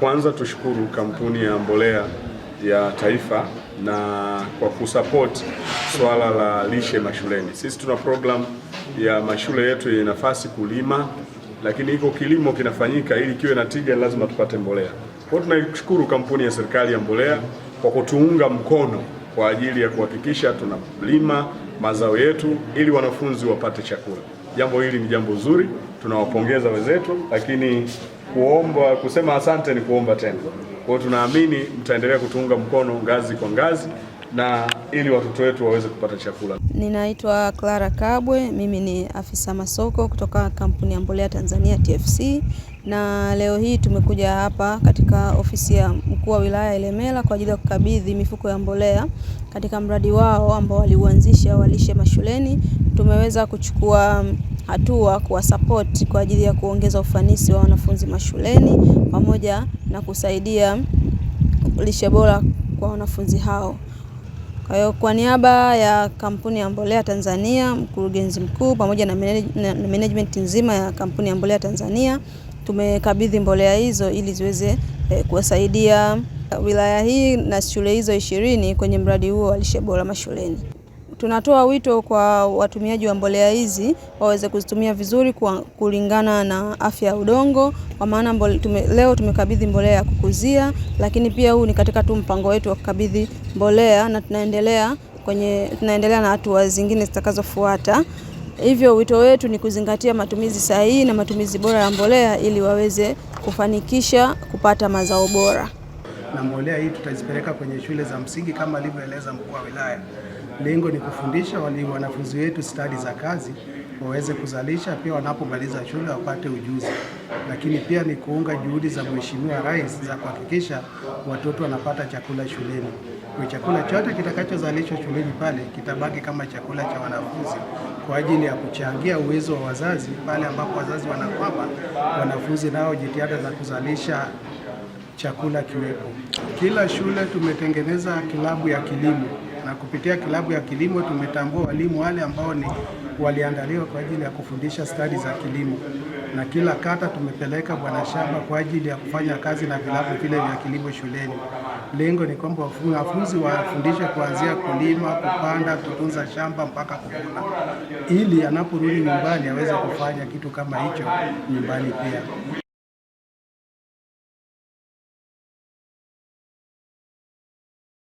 kwanza tushukuru kampuni ya mbolea ya taifa na kwa kusapoti swala la lishe mashuleni. Sisi tuna program ya mashule yetu yenye nafasi kulima, lakini iko kilimo kinafanyika, ili kiwe na tija lazima tupate mbolea. Kwa hiyo tunashukuru kampuni ya serikali ya mbolea kwa kutuunga mkono kwa ajili ya kuhakikisha tunalima mazao yetu ili wanafunzi wapate chakula. Jambo hili ni jambo zuri, tunawapongeza wenzetu, lakini kuomba kusema asante ni kuomba tena. Kwa hiyo tunaamini mtaendelea kutuunga mkono ngazi kwa ngazi na ili watoto wetu waweze kupata chakula. Ninaitwa Clara Kabwe, mimi ni afisa masoko kutoka kampuni ya mbolea Tanzania TFC, na leo hii tumekuja hapa katika ofisi ya mkuu wa wilaya Ilemela kwa ajili ya kukabidhi mifuko ya mbolea katika mradi wao ambao waliuanzisha walishe mashuleni. Tumeweza kuchukua hatua kuwasapoti kwa ajili ya kuongeza ufanisi wa wanafunzi mashuleni pamoja na kusaidia lishe bora kwa wanafunzi hao. Kwa hiyo kwa niaba ya kampuni ya mbolea Tanzania, mkurugenzi mkuu pamoja na management nzima ya kampuni ya mbolea Tanzania, tumekabidhi mbolea hizo ili ziweze eh, kuwasaidia wilaya hii na shule hizo ishirini kwenye mradi huo wa lishe bora mashuleni. Tunatoa wito kwa watumiaji wa mbolea hizi waweze kuzitumia vizuri kwa kulingana na afya ya udongo, kwa maana mbole, tume, leo tumekabidhi mbolea ya kukuzia, lakini pia huu ni katika tu mpango wetu wa kukabidhi mbolea na tunaendelea kwenye tunaendelea na hatua zingine zitakazofuata. Hivyo wito wetu ni kuzingatia matumizi sahihi na matumizi bora ya mbolea ili waweze kufanikisha kupata mazao bora. Na mbolea hii tutazipeleka kwenye shule za msingi kama alivyoeleza mkuu wa wilaya. Lengo ni kufundisha walimu wanafunzi wetu stadi za kazi waweze kuzalisha, pia wanapomaliza shule wapate ujuzi, lakini pia ni kuunga juhudi za Mheshimiwa Rais za kuhakikisha watoto wanapata chakula shuleni. Kwa chakula chote kitakachozalishwa shuleni pale kitabaki kama chakula cha wanafunzi kwa ajili ya kuchangia uwezo wa wazazi pale ambapo wazazi wanakwapa wanafunzi nao jitihada za kuzalisha chakula kiwepo. Kila shule tumetengeneza kilabu ya kilimo na kupitia klabu ya kilimo tumetambua walimu wale ambao ni waliandaliwa kwa ajili ya kufundisha stadi za kilimo, na kila kata tumepeleka bwana shamba kwa ajili ya kufanya kazi na vilabu vile vya kilimo shuleni. Lengo ni kwamba wanafunzi wafundishwe kuanzia kulima, kupanda, kutunza shamba mpaka kuvuna, ili anaporudi nyumbani aweze kufanya kitu kama hicho nyumbani pia.